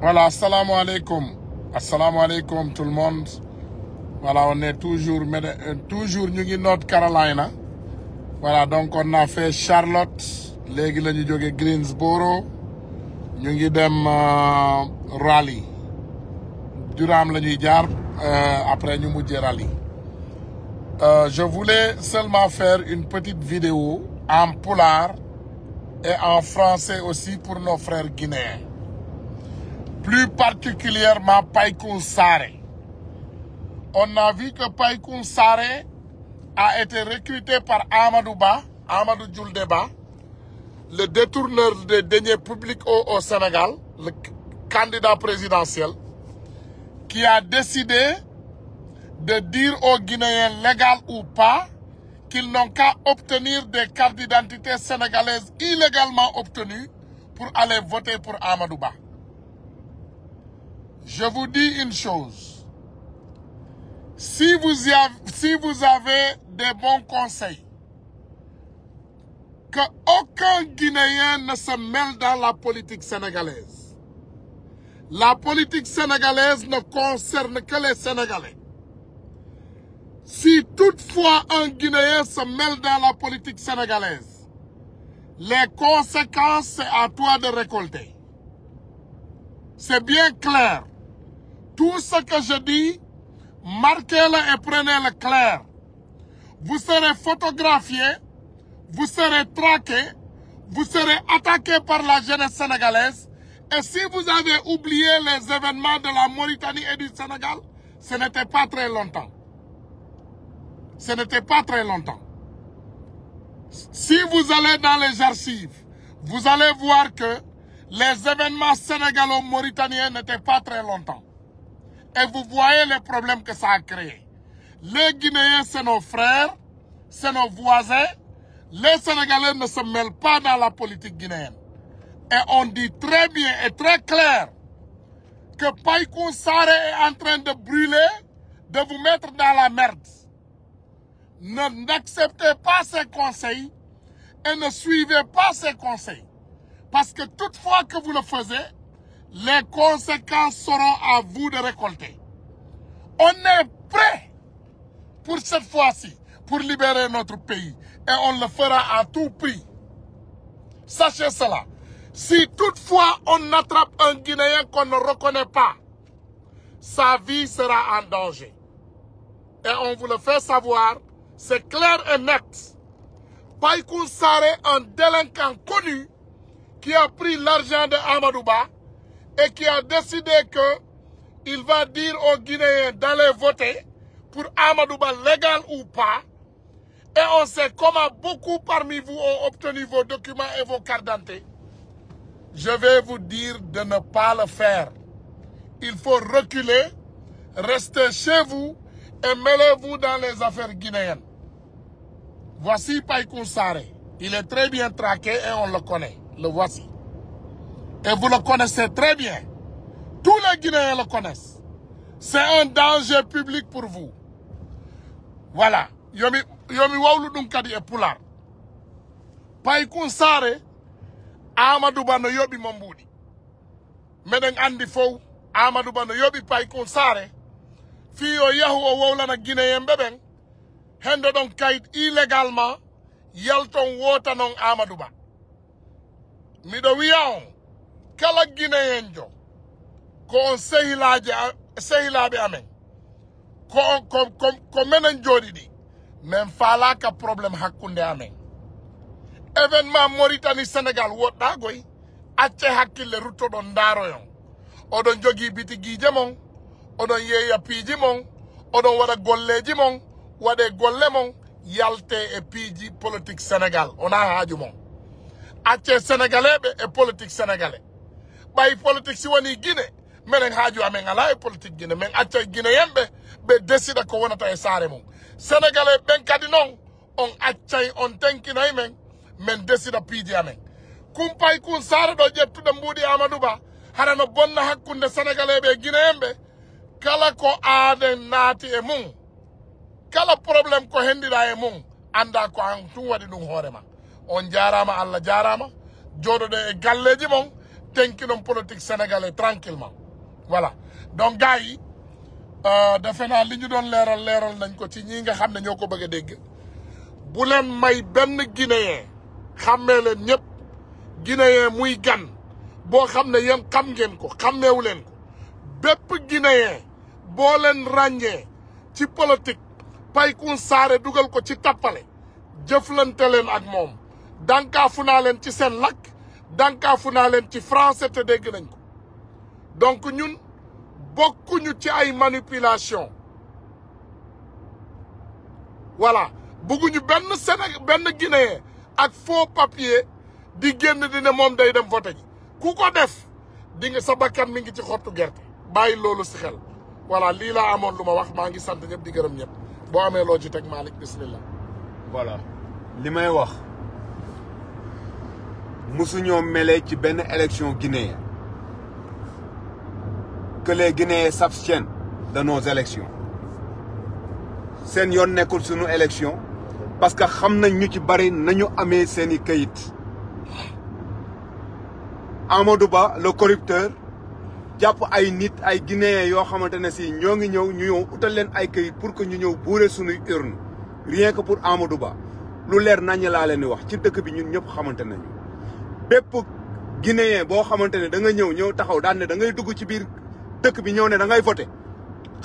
Voilà, assalamu alaikum. Assalamu alaikum tout le monde. Voilà, on est toujours, euh, toujours North Carolina. Voilà, donc on a fait Charlotte, légui lañu joggé Greensboro, ñu ngi dem euh, Raleigh. Durham lañuy jaar euh, après ñu mujjé Raleigh. je voulais seulement faire une petite vidéo en polar et en français aussi pour nos frères guinéens. plus particulièrement Païkoun Saré. On a vu que Païkoun Saré a été recruté par Amadou Ba, Amadou Djouldeba, le détourneur des deniers publics au, au Sénégal, le candidat présidentiel, qui a décidé de dire aux Guinéens, légal ou pas, qu'ils n'ont qu'à obtenir des cartes d'identité sénégalaises illégalement obtenues pour aller voter pour Amadouba. Je vous dis une chose. Si vous, y avez, si bons conseils, que aucun Guinéen ne se mêle dans la politique sénégalaise. La politique sénégalaise ne concerne que les Sénégalais. Si toutefois un Guinéen se mêle dans la politique sénégalaise, les conséquences, c'est à toi de récolter. C'est bien clair. Tout ce que je dis, marquez-le et prenez-le clair. Vous serez photographié, vous serez traqué, vous serez attaqué par la jeunesse sénégalaise. Et si vous avez oublié les événements de la Mauritanie et du Sénégal, ce n'était pas très longtemps. Ce n'était pas très longtemps. Si vous allez dans les archives, vous allez voir que les événements sénégalo-mauritaniens n'étaient pas très longtemps. Et vous voyez les problèmes que ça a créé. Les Guinéens, c'est nos frères, c'est nos voisins. Les Sénégalais ne se mêlent pas dans la politique guinéenne. Et on dit très bien et très clair que Païkoun Saré est en train de brûler, de vous mettre dans la merde. N'acceptez pas ses conseils et ne suivez pas ses conseils. Parce que toute fois que vous le faisiez, les conséquences seront à vous de récolter. On est prêt pour cette fois-ci, pour libérer notre pays. Et on le fera à tout prix. Sachez cela. Si toutefois on attrape un Guinéen qu'on ne reconnaît pas, sa vie sera en danger. Et on vous savoir, c'est clair et net. Païkou Saré, un délinquant connu qui a pris l'argent de Amadouba, et qui a décidé qu'il va dire aux Guinéens d'aller voter pour Amadouba légal ou pas. Et on sait comment beaucoup parmi vous ont obtenu vos documents et vos cartes Je vais vous dire de ne pas le faire. Il faut reculer, rester chez vous et mêlez-vous dans les affaires guinéennes. Voici Païkou Saré. Il est très bien traqué et on le connaît. Et vous le connaissez très bien. Tous les Guinéens le connaissent. C'est un danger public yomi yomi wawlu ɗum kadi e saare amadou no yoɓi mo mbuuɗi meɗen anndi fof amadou no yoɓi pay saare fii o yahu o wowlana guinéyenɓe ɓen hennde ɗon kayit illégalement yalton woota noon amadou ba miɗo wiya kala guinéen jo ko on sehilaji sehilaɓe amen ko on ko minen jooɗi ɗi min falaka hakkunde amen événement maritani sénégal woɗɗagoy acce hakkille ruttoɗon daroyon oɗon jogui bitiguije mon oɗon yeeya piiji mon oɗon waɗa golleji mon waɗe golle mon yalte e piiji politique sénégal wona haaju mon acce sénégalais e politique sénégalais ɓay politique si woni guine minen haaju amen ala e politique guine min acca guine yemɓe ɓe décida ko wonata e saare mum sénégalais ɓen kadi noon on accay on tenkinayi men min décida piiji amen kumpay kun saare ɗo ƴettuɗe mbuuɗi amadou ba no bonna hakkunde sénégalais ɓe guine yemɓe kala ko aaden naati e mum kala probléme ko henndiɗa e mum annda ko an tum waɗi ɗum hoorema on jarama allah jarama joɗoɗen e galleji mon tënk nom politique sénégalais tranquillement voilà donc gars yi euh, defe naa li ñu doon leeral leeral nañ ko ci ñii nga xam ne ñoo ko bëgg a dégg bu leen may benn guinéen xàmmee leen ñëpp guinéen muy gan boo xam ne yéen xam ngeen ko xàmmeewu leen ko bépp guinéen boo leen ràññee ci politique paykun saare dugal ko ci tappale jëflante leen ak moom dànkaafu naa leen ci seen lakk dànkaafu naa leen ci français te dégg nañ ko donc ñun bokkuñu ci ay manipulation voilà bëgguñu benn Sénégal benn Guinéen ak faux papier di génn di ne moom day dem vote ji ku ko def di nga sa bakkan mi ngi ci xottu gerte bàyyi loolu si xel voilà lii laa amoon lu ma wax maa ngi sant ñëpp di gërëm ñëpp boo amee loo ci teg Malick bismillah voilà li may wax musuñoo mêlé ci benn élection guinéen que les Guinéens s'abstiennent de nos seen yoon nekkul sunu élection parce que xam nañ ñu ci bari nañu amee seeni kayit Amadou Ba le corrupteur jàpp ay nit ay Guinéens yoo xamante ne si ñoo ngi ñëw ñu ñëw utal leen ay kayit pour que ñu ñëw buure suñuy urne rien que pour Amadou Ba lu leer naññ laa leen di wax ci dëkk bi ñun ñëpp xamante nañu bépp guinéen boo xamante ne da nga ñëw ñëw taxaw daal ne da ngay dugg ci biir dëkk bi ñëw ne da ngay xam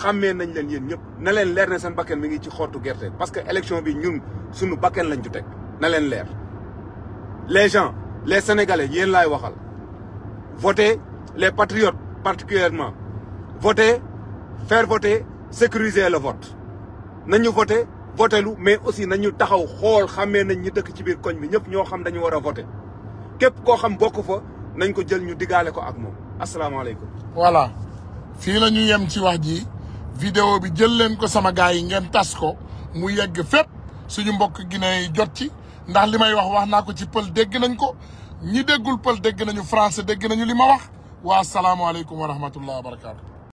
xàmmee nañ leen yéen ñëpp na leen leer ne seen bakken mi ngi ci xottu gerte parce que élection bi ñun suñu bakken lañ ju teg na leen leer les gens les sénégalais yéen laay waxal voter les patriotes particulièrement voter faire voter sécuriser le vote nañu voter votelu mais aussi nañu taxaw xool xàmmee nañ ñi dëkk ci biir koñ bi ñëpp ñoo xam dañu war a voter képp koo xam bokk fa nañ ko jël ñu digaale ko ak moom asalaamaaleykum. voilà fii la ñu yem ci wax ji video bi jël leen ko sama gars yi ngeen tas ko mu yegg fépp suñu mbokk Guinée yi jot ci ndax li may wax wax naa ko ci pël dégg nañ ko ñi déggul pël dégg nañu français dégg nañu li ma wax waa salaamualeykum wa rahmatullah wa barakaatu.